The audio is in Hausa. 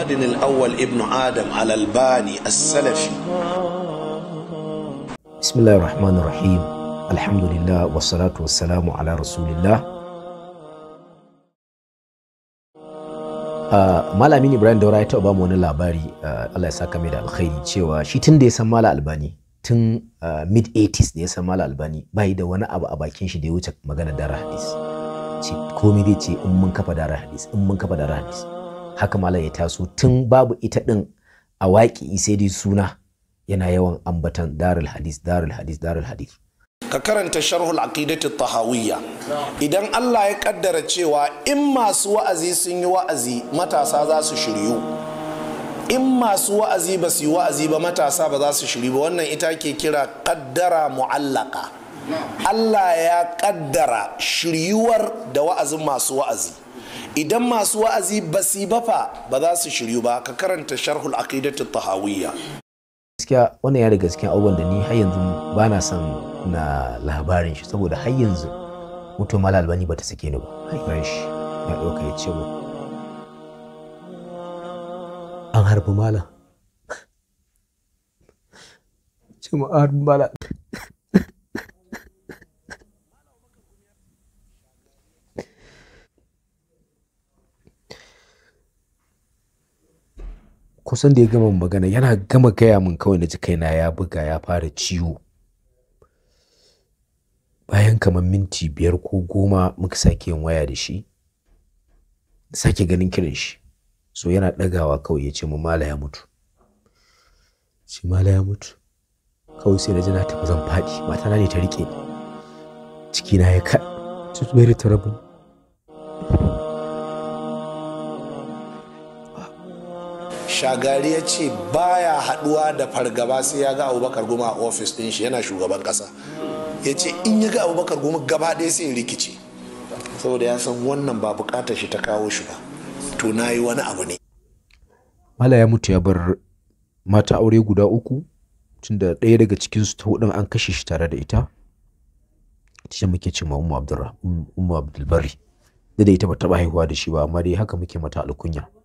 محمد الأول ابن آدم على الباني السلفي بسم الله الرحمن الرحيم الحمد لله والصلاة والسلام على رسول الله malamin ibrahim daura ya taɓa mu wani labari ah, allah ya saka mai da alkhairi cewa shi tun da ya san mala albani tun ah, mid 80s da ya san mala albani bai da wani abu a bakin shi da ya wuce magana dara hadis ce komai dai ce in mun kafa dara hadis in mun kafa dara hadis haka malam ya taso tun babu ita din a waƙi sai dai suna yana yawan ambatan darul hadis darul hadis darul hadis ka karanta sharhul aqidati tahawiyya idan Allah ya kaddara cewa in masu wa'azi sun yi wa'azi matasa za su shiryu in masu wa'azi ba su yi wa'azi ba matasa ba za su shiryu ba wannan ita ke kira kaddara mu'allaka Allah ya kaddara shiryuwar da wa'azin masu wa'azi idan masu wa'azi ba su ba fa ba za su shiryu ba ka karanta sharhul aqidatu tahawiyya gaskiya wannan ya da gaskiya abubuwan da ni har yanzu ba na son na labarin shi saboda har yanzu mutum malal albani ba ta sake ni ba har shi ya dauka ya ce an harbi malam ce mu an harbi malam kusan da ya gama magana yana gama gaya min kawai na ji kaina ya buga ya fara ciwo bayan kamar minti biyar ko goma muka sake yin waya da shi sake ganin kiran shi so yana ɗagawa kawai ya ce mu mala ya mutu shi mala ya mutu kawai sai na ji na tafi zan faɗi matana ne ta riƙe ni cikina ya ka su bai ta shagari ya ce baya haduwa da fargaba sai ya ga abubakar goma a ofis din shi yana shugaban kasa ya ce in ya ga abubakar goma gaba ɗaya sai rikici saboda ya san wannan ba bukatar shi ta kawo shi ba to na yi wani abu ne mala ya mutu ya bar mata aure guda uku tunda ɗaya daga cikinsu ta hudun an kashe shi tare da ita ita muke ce umma abdulbari da ita ba taɓa haihuwa da shi ba amma dai haka muke mata alkunya